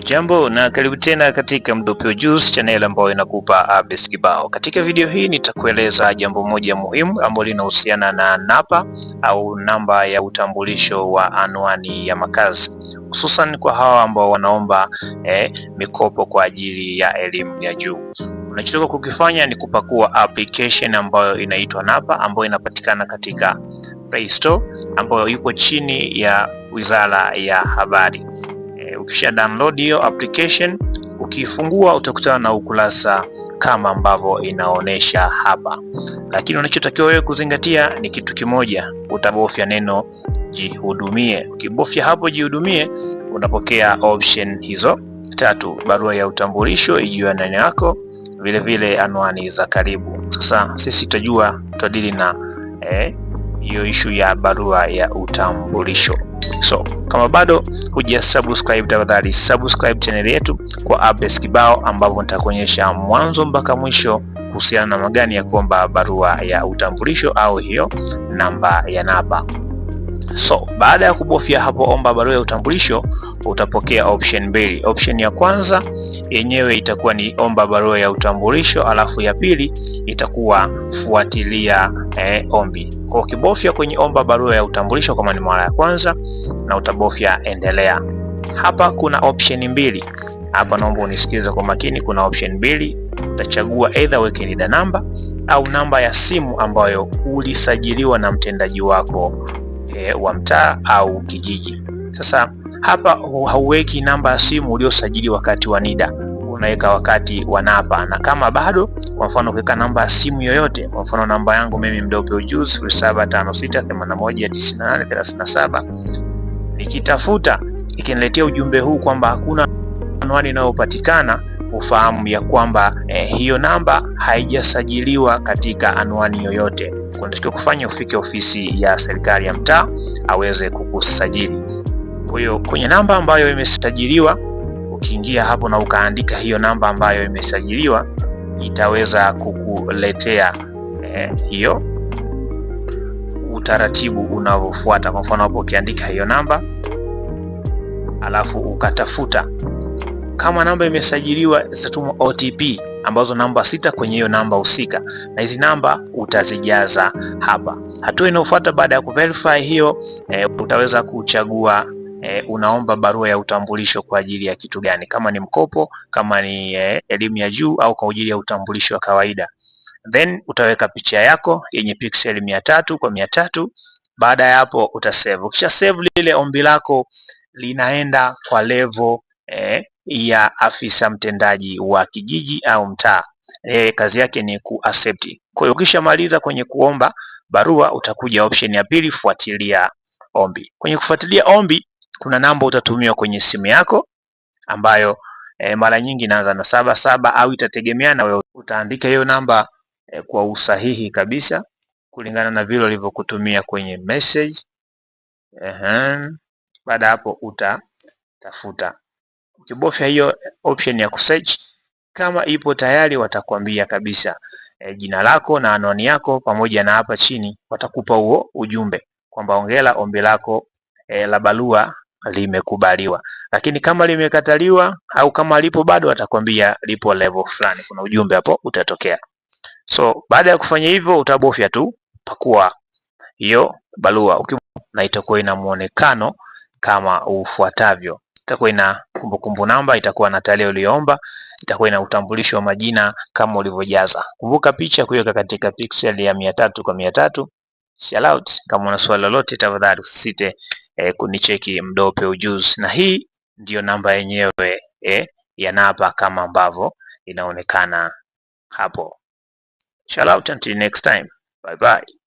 Ujambo na karibu tena katika Mdopio Juice channel ambayo inakupa updates kibao. Katika video hii nitakueleza jambo moja muhimu ambalo linahusiana na NAPA au namba ya utambulisho wa anwani ya makazi, hususan kwa hawa ambao wanaomba eh, mikopo kwa ajili ya elimu ya juu. Unachotaka kukifanya ni kupakua application ambayo inaitwa NAPA ambayo inapatikana katika Play Store ambayo ipo chini ya Wizara ya Habari ukisha download hiyo application, ukifungua utakutana na ukurasa kama ambavyo inaonyesha hapa, lakini unachotakiwa wewe kuzingatia ni kitu kimoja, utabofya neno jihudumie. Ukibofya hapo jihudumie, unapokea option hizo tatu: barua ya utambulisho juu ya neno yako, vilevile anwani za karibu. Sasa sisi tutajua tutadili na eh, hiyo eh, ishu ya barua ya utambulisho. So kama bado huja subscribe, tafadhali subscribe channel yetu kwa updates kibao, ambapo nitakuonyesha mwanzo mpaka mwisho kuhusiana na magani ya kuomba barua ya utambulisho au hiyo namba ya namba So baada ya kubofya hapo omba barua ya utambulisho, utapokea option mbili. Option ya kwanza yenyewe itakuwa ni omba barua ya utambulisho, alafu ya pili itakuwa fuatilia eh, ombi. Kwa ukibofya kwenye omba barua ya utambulisho kama ni mara ya kwanza, na utabofya endelea. Hapa kuna option mbili. Hapa naomba unisikilize kwa makini, kuna option mbili utachagua either weke NIDA namba au namba ya simu ambayo ulisajiliwa na mtendaji wako e, wa mtaa au kijiji. Sasa hapa hauweki namba ya simu uliosajili wakati wa NIDA, unaweka wakati wa NAPA, na kama bado, kwa mfano ukiweka namba ya simu yoyote, kwa mfano namba yangu mimi Mdope Ujuzi 0756819837 nikitafuta ikiniletea ujumbe huu kwamba hakuna anwani inayopatikana ufahamu ya kwamba eh, hiyo namba haijasajiliwa katika anwani yoyote unatakiwa kufanya ufike ofisi ya serikali ya mtaa aweze kukusajili. Kwa hiyo kwenye namba ambayo imesajiliwa, ukiingia hapo na ukaandika hiyo namba ambayo imesajiliwa itaweza kukuletea eh, hiyo utaratibu unavyofuata. Kwa mfano hapo ukiandika hiyo namba alafu ukatafuta kama namba imesajiliwa, zitatumwa OTP ambazo namba sita kwenye hiyo namba husika, na hizi namba utazijaza hapa. Hatua inayofuata baada ya kuverify hiyo e, utaweza kuchagua E, unaomba barua ya utambulisho kwa ajili ya kitu gani, kama ni mkopo, kama ni e, elimu ya juu au kwa ajili ya utambulisho wa kawaida. Then utaweka picha yako yenye pixel mia tatu kwa mia tatu. Baada ya hapo utasave. Ukisha save lile ombi lako linaenda kwa level eh, ya afisa mtendaji wa kijiji au mtaa. Yeye kazi yake ni accept. Kwa hiyo ukishamaliza kwenye kuomba barua, utakuja option ya pili, fuatilia ombi. Kwenye kufuatilia ombi, kuna namba utatumiwa kwenye simu yako ambayo e, mara nyingi inaanza na saba saba au itategemeana wewe utaandika hiyo namba e, kwa usahihi kabisa kulingana na vile ulivyokutumia kwenye message. Baada hapo utatafuta Ukibofya hiyo option ya kusearch, kama ipo tayari watakwambia kabisa e, jina lako na anwani yako pamoja na hapa chini watakupa huo ujumbe kwamba ongela ombi lako e, la barua limekubaliwa. Lakini kama limekataliwa au kama lipo bado, watakwambia lipo level fulani, kuna ujumbe hapo utatokea. So baada ya kufanya hivyo, utabofya tu pakua hiyo barua na itakuwa ina muonekano kama ufuatavyo itakuwa ina kumbukumbu namba, itakuwa na tarehe uliyoomba, itakuwa ina utambulisho wa majina kama ulivyojaza. Kumbuka picha kuiweka katika pixel ya mia tatu kwa mia tatu. Shout out, kama una swali lolote tafadhali usisite eh, kunicheki Mdope Ujuzi, na hii ndiyo namba yenyewe eh, ya napa kama ambavyo inaonekana hapo. Shout out, until next time, bye bye.